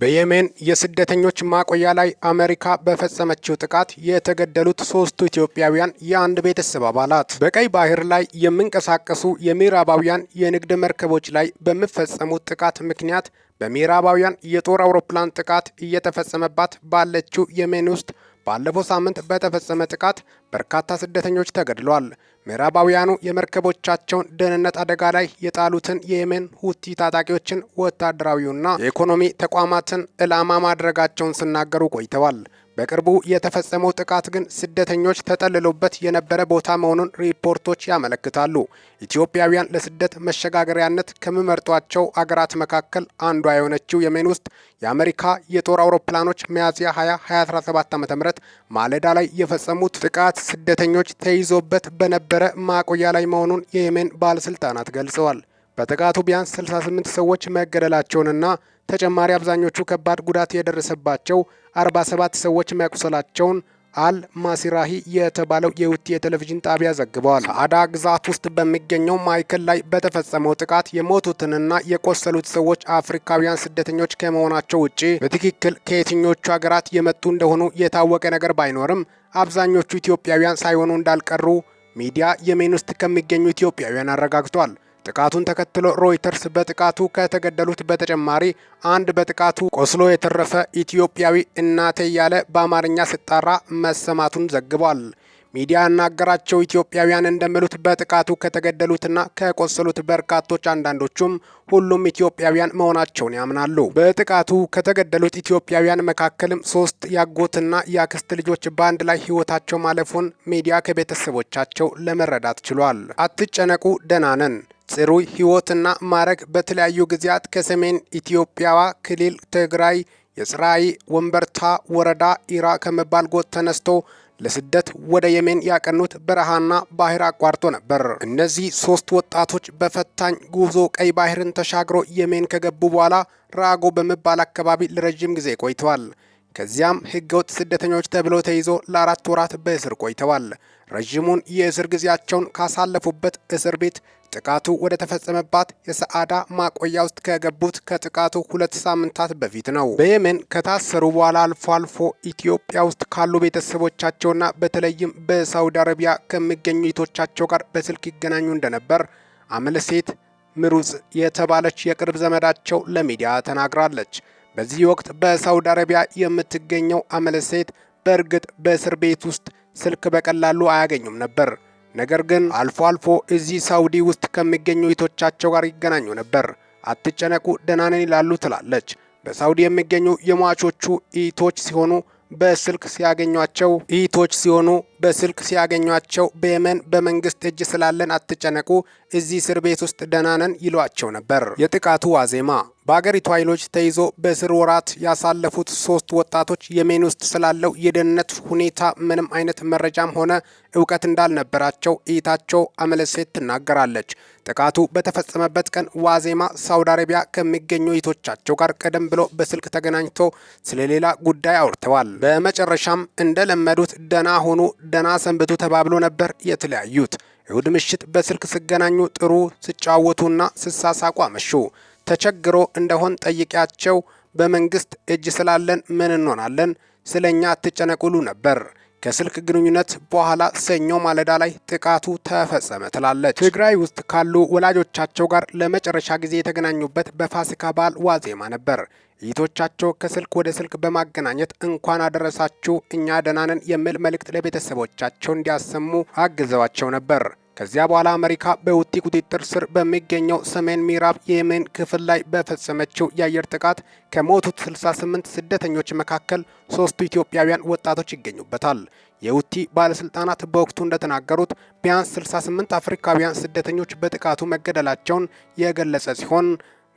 በየሜን የስደተኞች ማቆያ ላይ አሜሪካ በፈጸመችው ጥቃት የተገደሉት ሶስቱ ኢትዮጵያውያን የአንድ ቤተሰብ አባላት በቀይ ባህር ላይ የሚንቀሳቀሱ የምዕራባውያን የንግድ መርከቦች ላይ በሚፈጸሙት ጥቃት ምክንያት በምዕራባውያን የጦር አውሮፕላን ጥቃት እየተፈጸመባት ባለችው የሜን ውስጥ ባለፈው ሳምንት በተፈጸመ ጥቃት በርካታ ስደተኞች ተገድለዋል። ምዕራባውያኑ የመርከቦቻቸውን ደህንነት አደጋ ላይ የጣሉትን የየመን ሁቲ ታጣቂዎችን ወታደራዊውና የኢኮኖሚ ተቋማትን ዕላማ ማድረጋቸውን ሲናገሩ ቆይተዋል። በቅርቡ የተፈጸመው ጥቃት ግን ስደተኞች ተጠልሎበት የነበረ ቦታ መሆኑን ሪፖርቶች ያመለክታሉ። ኢትዮጵያውያን ለስደት መሸጋገሪያነት ከሚመርጧቸው አገራት መካከል አንዷ የሆነችው የመን ውስጥ የአሜሪካ የጦር አውሮፕላኖች ሚያዝያ 20 2017 ዓ.ም ማለዳ ላይ የፈጸሙት ጥቃት ስደተኞች ተይዞበት በነበረ ማቆያ ላይ መሆኑን የየመን ባለስልጣናት ገልጸዋል። በጥቃቱ ቢያንስ 68 ሰዎች መገደላቸውንና ተጨማሪ አብዛኞቹ ከባድ ጉዳት የደረሰባቸው 47 ሰዎች መቁሰላቸውን አል ማሲራሂ የተባለው የውቲ የቴሌቪዥን ጣቢያ ዘግበዋል። አዳ ግዛት ውስጥ በሚገኘው ማዕከል ላይ በተፈጸመው ጥቃት የሞቱትንና የቆሰሉት ሰዎች አፍሪካውያን ስደተኞች ከመሆናቸው ውጪ በትክክል ከየትኞቹ ሀገራት የመጡ እንደሆኑ የታወቀ ነገር ባይኖርም አብዛኞቹ ኢትዮጵያውያን ሳይሆኑ እንዳልቀሩ ሚዲያ የሜን ውስጥ ከሚገኙ ኢትዮጵያውያን አረጋግጧል። ጥቃቱን ተከትሎ ሮይተርስ በጥቃቱ ከተገደሉት በተጨማሪ አንድ በጥቃቱ ቆስሎ የተረፈ ኢትዮጵያዊ እናቴ እያለ በአማርኛ ስጣራ መሰማቱን ዘግቧል። ሚዲያ ያናገራቸው ኢትዮጵያውያን እንደሚሉት በጥቃቱ ከተገደሉትና ከቆሰሉት በርካቶች አንዳንዶቹም ሁሉም ኢትዮጵያውያን መሆናቸውን ያምናሉ። በጥቃቱ ከተገደሉት ኢትዮጵያውያን መካከልም ሶስት ያጎትና ያክስት ልጆች በአንድ ላይ ህይወታቸው ማለፉን ሚዲያ ከቤተሰቦቻቸው ለመረዳት ችሏል። አትጨነቁ፣ ደህና ነን። ጽሩ ህይወትና ማረግ በተለያዩ ጊዜያት ከሰሜን ኢትዮጵያዋ ክልል ትግራይ የጽራይ ወንበርታ ወረዳ ኢራ ከመባል ጎጥ ተነስቶ ለስደት ወደ የመን ያቀኑት በረሃና ባህር አቋርጦ ነበር። እነዚህ ሶስት ወጣቶች በፈታኝ ጉዞ ቀይ ባህርን ተሻግሮ የመን ከገቡ በኋላ ራጎ በመባል አካባቢ ለረጅም ጊዜ ቆይተዋል። ከዚያም ህገወጥ ስደተኞች ተብሎ ተይዞ ለአራት ወራት በእስር ቆይተዋል። ረዥሙን የእስር ጊዜያቸውን ካሳለፉበት እስር ቤት ጥቃቱ ወደ ተፈጸመባት የሰዓዳ ማቆያ ውስጥ ከገቡት ከጥቃቱ ሁለት ሳምንታት በፊት ነው። በየመን ከታሰሩ በኋላ አልፎ አልፎ ኢትዮጵያ ውስጥ ካሉ ቤተሰቦቻቸውና በተለይም በሳውዲ አረቢያ ከሚገኙ እህቶቻቸው ጋር በስልክ ይገናኙ እንደነበር አምለሴት ምሩጽ የተባለች የቅርብ ዘመዳቸው ለሚዲያ ተናግራለች። በዚህ ወቅት በሳውዲ አረቢያ የምትገኘው አመለ ሴት በእርግጥ በእስር ቤት ውስጥ ስልክ በቀላሉ አያገኙም ነበር። ነገር ግን አልፎ አልፎ እዚህ ሳውዲ ውስጥ ከሚገኙ እህቶቻቸው ጋር ይገናኙ ነበር። አትጨነቁ ደህና ነን ይላሉ ትላለች። በሳውዲ የሚገኙ የሟቾቹ እህቶች ሲሆኑ በስልክ ሲያገኟቸው እህቶች ሲሆኑ በስልክ ሲያገኟቸው በየመን በመንግስት እጅ ስላለን አትጨነቁ፣ እዚህ እስር ቤት ውስጥ ደህና ነን ይሏቸው ነበር። የጥቃቱ ዋዜማ በአገሪቱ ኃይሎች ተይዞ በእስር ወራት ያሳለፉት ሶስት ወጣቶች የመን ውስጥ ስላለው የደህንነት ሁኔታ ምንም አይነት መረጃም ሆነ እውቀት እንዳልነበራቸው እይታቸው አመለሴት ትናገራለች። ጥቃቱ በተፈጸመበት ቀን ዋዜማ ሳውዲ አረቢያ ከሚገኙ እህቶቻቸው ጋር ቀደም ብሎ በስልክ ተገናኝቶ ስለሌላ ጉዳይ አውርተዋል። በመጨረሻም እንደለመዱት ደህና ሆኑ ደና ሰንብቱ ተባብሎ ነበር የተለያዩት። እሁድ ምሽት በስልክ ስገናኙ ጥሩ ስጫወቱና ስሳሳቁ አመሹ። ተቸግሮ እንደሆን ጠይቂያቸው በመንግስት እጅ ስላለን ምን እንሆናለን ስለኛ አትጨነቁሉ ነበር። ከስልክ ግንኙነት በኋላ ሰኞ ማለዳ ላይ ጥቃቱ ተፈጸመ ትላለች። ትግራይ ውስጥ ካሉ ወላጆቻቸው ጋር ለመጨረሻ ጊዜ የተገናኙበት በፋሲካ በዓል ዋዜማ ነበር። እህቶቻቸው ከስልክ ወደ ስልክ በማገናኘት እንኳን አደረሳችሁ እኛ ደህና ነን የሚል መልእክት ለቤተሰቦቻቸው እንዲያሰሙ አግዘዋቸው ነበር። ከዚያ በኋላ አሜሪካ በውቲ ቁጥጥር ስር በሚገኘው ሰሜን ምዕራብ የመን ክፍል ላይ በፈጸመችው የአየር ጥቃት ከሞቱት 68 ስደተኞች መካከል ሶስቱ ኢትዮጵያውያን ወጣቶች ይገኙበታል። የውቲ ባለስልጣናት በወቅቱ እንደተናገሩት ቢያንስ 68 አፍሪካውያን ስደተኞች በጥቃቱ መገደላቸውን የገለጸ ሲሆን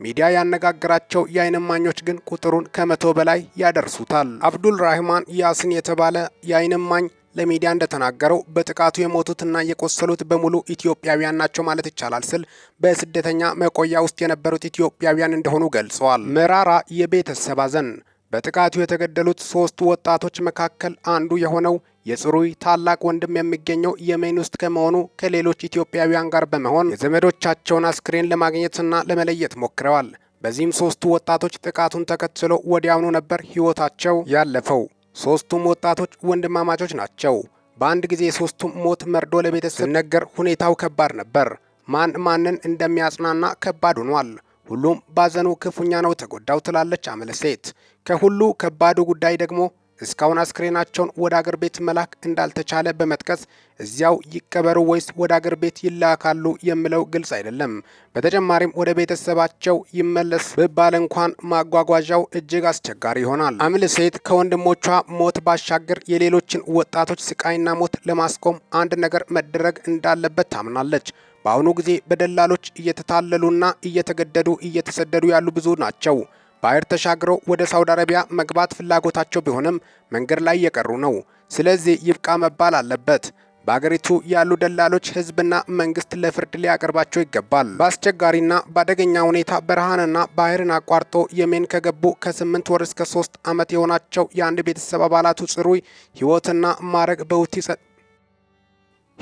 ሚዲያ ያነጋገራቸው የዓይን እማኞች ግን ቁጥሩን ከመቶ በላይ ያደርሱታል። አብዱል ራህማን ያስን የተባለ የዓይን እማኝ ለሚዲያ እንደተናገረው በጥቃቱ የሞቱትና የቆሰሉት በሙሉ ኢትዮጵያውያን ናቸው ማለት ይቻላል ስል በስደተኛ መቆያ ውስጥ የነበሩት ኢትዮጵያውያን እንደሆኑ ገልጸዋል። መራራ የቤተሰብ ሐዘን። በጥቃቱ የተገደሉት ሶስቱ ወጣቶች መካከል አንዱ የሆነው የጽሩይ ታላቅ ወንድም የሚገኘው የመን ውስጥ ከመሆኑ ከሌሎች ኢትዮጵያውያን ጋር በመሆን የዘመዶቻቸውን አስክሬን ለማግኘትና ለመለየት ሞክረዋል። በዚህም ሶስቱ ወጣቶች ጥቃቱን ተከትሎ ወዲያውኑ ነበር ሕይወታቸው ያለፈው። ሶስቱም ወጣቶች ወንድማማቾች ናቸው። በአንድ ጊዜ ሶስቱም ሞት መርዶ ለቤተሰብ ሲነገር ሁኔታው ከባድ ነበር። ማን ማንን እንደሚያጽናና ከባድ ሆኗል። ሁሉም ባዘኑ ክፉኛ ነው ተጎዳው ትላለች ሴት ከሁሉ ከባዱ ጉዳይ ደግሞ እስካሁን አስክሬናቸውን ወደ አገር ቤት መላክ እንዳልተቻለ በመጥቀስ እዚያው ይቀበሩ ወይስ ወደ አገር ቤት ይላካሉ የሚለው ግልጽ አይደለም። በተጨማሪም ወደ ቤተሰባቸው ይመለስ ብባል እንኳን ማጓጓዣው እጅግ አስቸጋሪ ይሆናል። አምል ሴት ከወንድሞቿ ሞት ባሻገር የሌሎችን ወጣቶች ስቃይና ሞት ለማስቆም አንድ ነገር መደረግ እንዳለበት ታምናለች። በአሁኑ ጊዜ በደላሎች እየተታለሉና እየተገደዱ እየተሰደዱ ያሉ ብዙ ናቸው። ባህር ተሻግረው ወደ ሳውዲ አረቢያ መግባት ፍላጎታቸው ቢሆንም መንገድ ላይ የቀሩ ነው። ስለዚህ ይብቃ መባል አለበት። በአገሪቱ ያሉ ደላሎች ህዝብና መንግስት ለፍርድ ሊያቀርባቸው ይገባል። በአስቸጋሪና በአደገኛ ሁኔታ በረሃንና ባህርን አቋርጦ የሜን ከገቡ ከስምንት ወር እስከ ሶስት ዓመት የሆናቸው የአንድ ቤተሰብ አባላቱ ጽሩይ ህይወትና ማዕረግ በሁቲ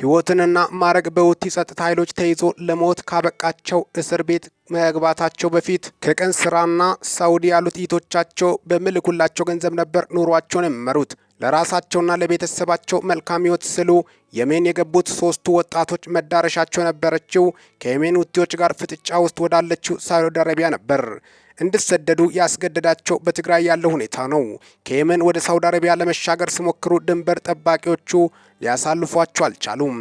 ህይወትንና ማረግ በውቲ ጸጥታ ኃይሎች ተይዞ ለሞት ካበቃቸው እስር ቤት መግባታቸው በፊት ከቀን ስራና ሳውዲ ያሉት ኢቶቻቸው በምልኩላቸው ገንዘብ ነበር ኑሯቸውን የመሩት። ለራሳቸውና ለቤተሰባቸው መልካም ህይወት ስሉ የሜን የገቡት ሶስቱ ወጣቶች መዳረሻቸው የነበረችው ከየሜን ሁቲዎች ጋር ፍጥጫ ውስጥ ወዳለችው ሳውዲ አረቢያ ነበር። እንዲሰደዱ ያስገደዳቸው በትግራይ ያለው ሁኔታ ነው። ከየመን ወደ ሳውዲ አረቢያ ለመሻገር ሲሞክሩ ድንበር ጠባቂዎቹ ሊያሳልፏቸው አልቻሉም።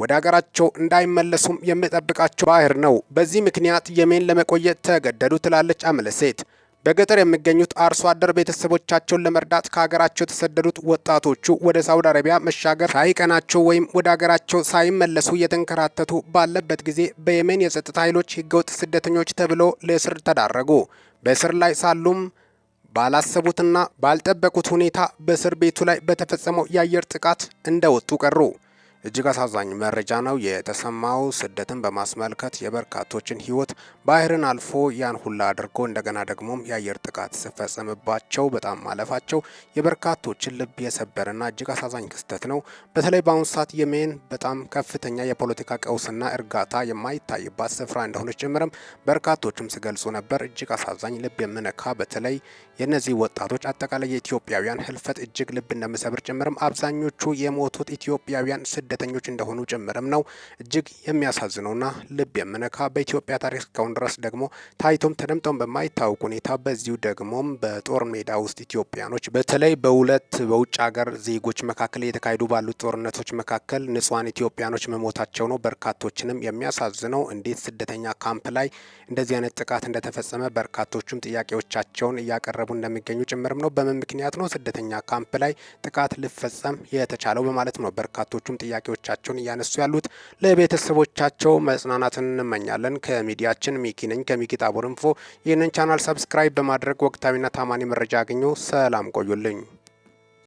ወደ አገራቸው እንዳይመለሱም የሚጠብቃቸው ባህር ነው። በዚህ ምክንያት የመን ለመቆየት ተገደዱ ትላለች አመለሴት። በገጠር የሚገኙት አርሶ አደር ቤተሰቦቻቸውን ለመርዳት ከሀገራቸው የተሰደዱት ወጣቶቹ ወደ ሳውዲ አረቢያ መሻገር ሳይቀናቸው ወይም ወደ ሀገራቸው ሳይመለሱ እየተንከራተቱ ባለበት ጊዜ በየመን የጸጥታ ኃይሎች ህገወጥ ስደተኞች ተብለው ለእስር ተዳረጉ። በእስር ላይ ሳሉም ባላሰቡትና ባልጠበቁት ሁኔታ በእስር ቤቱ ላይ በተፈጸመው የአየር ጥቃት እንደወጡ ቀሩ። እጅግ አሳዛኝ መረጃ ነው የተሰማው። ስደትን በማስመልከት የበርካቶችን ህይወት ባህርን አልፎ ያን ሁላ አድርጎ እንደገና ደግሞም የአየር ጥቃት ሲፈጸምባቸው በጣም ማለፋቸው የበርካቶችን ልብ የሰበረና እጅግ አሳዛኝ ክስተት ነው። በተለይ በአሁኑ ሰዓት የሜን በጣም ከፍተኛ የፖለቲካ ቀውስና እርጋታ የማይታይባት ስፍራ እንደሆነች ጭምርም በርካቶችም ሲገልጹ ነበር። እጅግ አሳዛኝ ልብ የምነካ በተለይ የእነዚህ ወጣቶች አጠቃላይ የኢትዮጵያውያን ህልፈት እጅግ ልብ እንደምሰብር ጭምርም አብዛኞቹ የሞቱት ኢትዮጵያውያን ስደ ስደተኞች እንደሆኑ ጭምርም ነው። እጅግ የሚያሳዝነውና ልብ የምነካ በኢትዮጵያ ታሪክ እስካሁን ድረስ ደግሞ ታይቶም ተደምጦም በማይታወቅ ሁኔታ በዚሁ ደግሞም በጦር ሜዳ ውስጥ ኢትዮጵያኖች በተለይ በሁለት በውጭ ሀገር ዜጎች መካከል የተካሄዱ ባሉት ጦርነቶች መካከል ንጹሐን ኢትዮጵያኖች መሞታቸው ነው በርካቶችንም የሚያሳዝነው። እንዴት ስደተኛ ካምፕ ላይ እንደዚህ አይነት ጥቃት እንደተፈጸመ በርካቶቹም ጥያቄዎቻቸውን እያቀረቡ እንደሚገኙ ጭምርም ነው። በምን ምክንያት ነው ስደተኛ ካምፕ ላይ ጥቃት ልፈጸም የተቻለው በማለት ነው በርካቶቹም ጥያቄ ጥያቄዎቻቸውን እያነሱ ያሉት። ለቤተሰቦቻቸው መጽናናትን እንመኛለን። ከሚዲያችን ሚኪ ነኝ ከሚኪ ታቦር ኢንፎ። ይህንን ቻናል ሰብስክራይብ በማድረግ ወቅታዊና ታማኒ መረጃ አግኙ። ሰላም ቆዩልኝ።